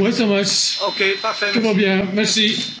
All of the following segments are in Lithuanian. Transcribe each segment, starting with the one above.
Oui, ça marche. OK, parfait. Tout va bien. Merci.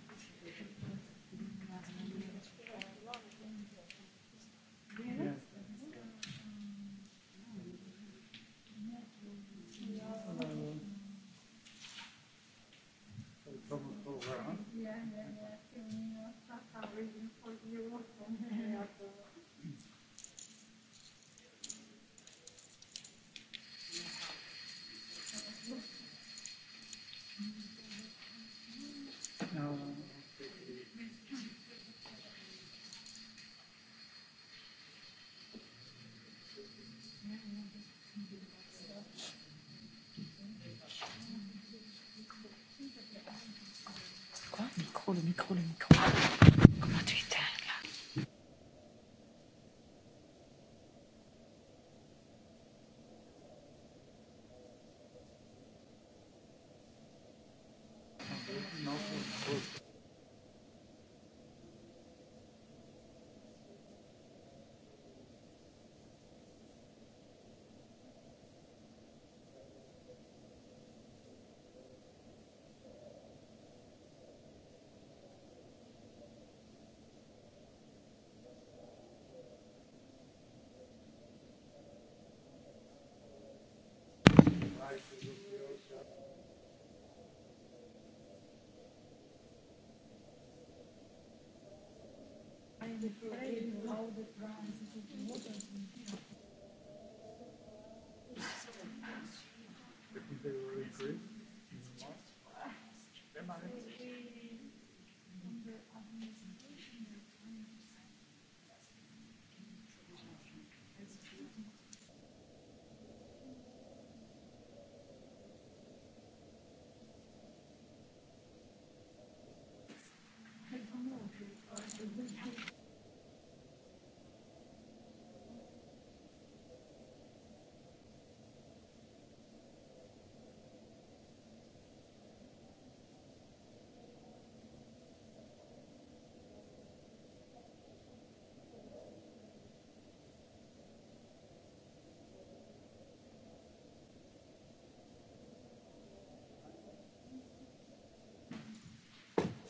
micro, le micro.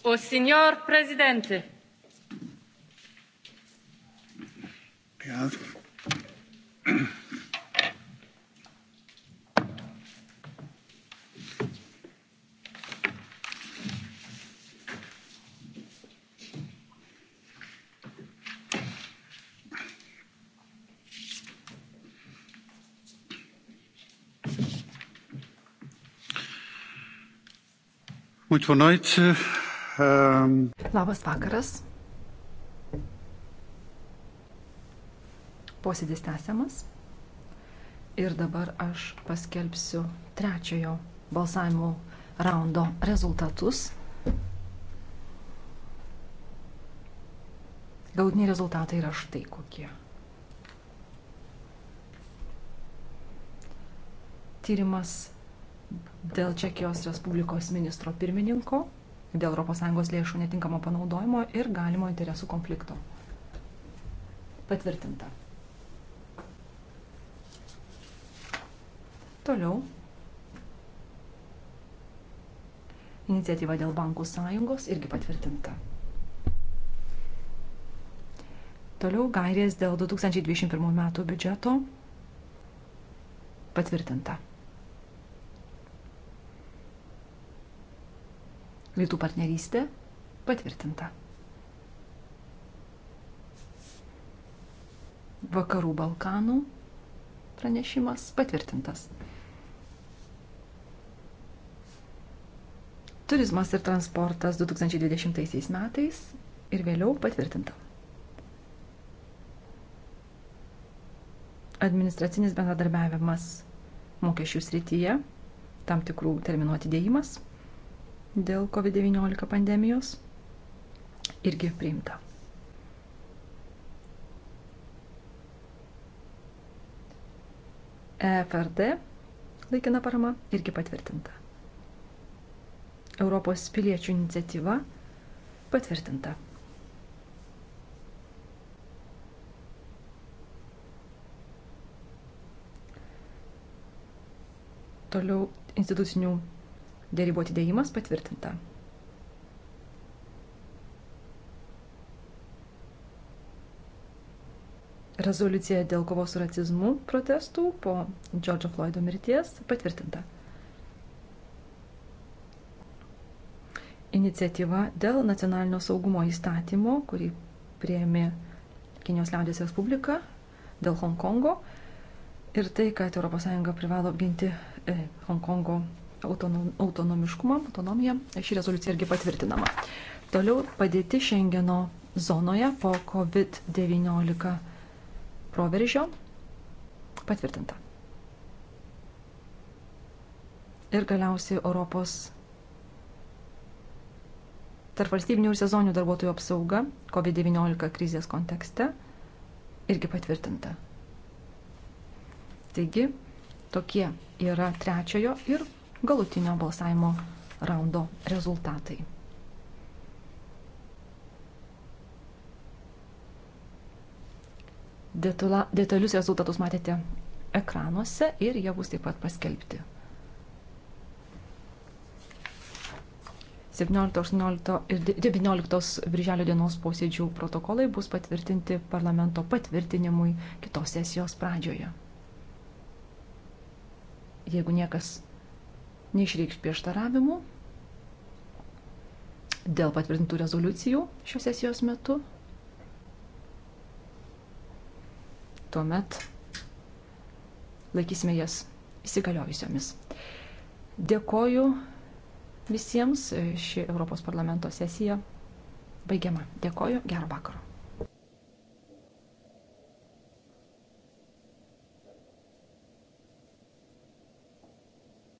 O signor Presidente. Ja. Muito boa noite. Um... Labas vakaras. Posėdis tęsiamas. Ir dabar aš paskelbsiu trečiojo balsavimo raundo rezultatus. Gautiniai rezultatai yra štai kokie. Tyrimas dėl Čekijos Respublikos ministro pirmininko dėl ES lėšų netinkamo panaudojimo ir galimo interesų konflikto. Patvirtinta. Toliau. Iniciatyva dėl bankų sąjungos irgi patvirtinta. Toliau gairės dėl 2021 metų biudžeto patvirtinta. Rytų partnerystė patvirtinta. Vakarų Balkanų pranešimas patvirtintas. Turizmas ir transportas 2020 metais ir vėliau patvirtinta. Administracinis bendradarbiavimas mokesčių srityje, tam tikrų terminų atidėjimas – dėl COVID-19 pandemijos irgi priimta. EFRD laikina parama irgi patvirtinta. Europos piliečių iniciatyva patvirtinta. Toliau institucinių Dėrybų atidėjimas patvirtinta. Rezoliucija dėl kovos su racizmu protestų po Džordžo Floido mirties patvirtinta. Iniciatyva dėl nacionalinio saugumo įstatymo, kurį prieimė Kinijos liaudės Respublika dėl Hongkongo ir tai, kad ES privalo apginti e, Hongkongo autonomiškumą, autonomiją. Ši rezoliucija irgi patvirtinama. Toliau padėti Šengeno zonoje po COVID-19 proveržio patvirtinta. Ir galiausiai Europos tarp valstybinių ir sezoninių darbuotojų apsauga COVID-19 krizės kontekste irgi patvirtinta. Taigi, tokie yra trečiojo ir galutinio balsavimo raundo rezultatai. Detula, detalius rezultatus matėte ekranuose ir jie bus taip pat paskelbti. 17, 18 ir 19 birželio dienos posėdžių protokolai bus patvirtinti parlamento patvirtinimui kitos sesijos pradžioje. Jeigu niekas neišreikš prieštaravimų dėl patvirtintų rezoliucijų šios sesijos metu, tuomet laikysime jas įsigaliojusiomis. Dėkoju visiems, ši Europos parlamento sesija baigiama. Dėkoju, gerą vakarą.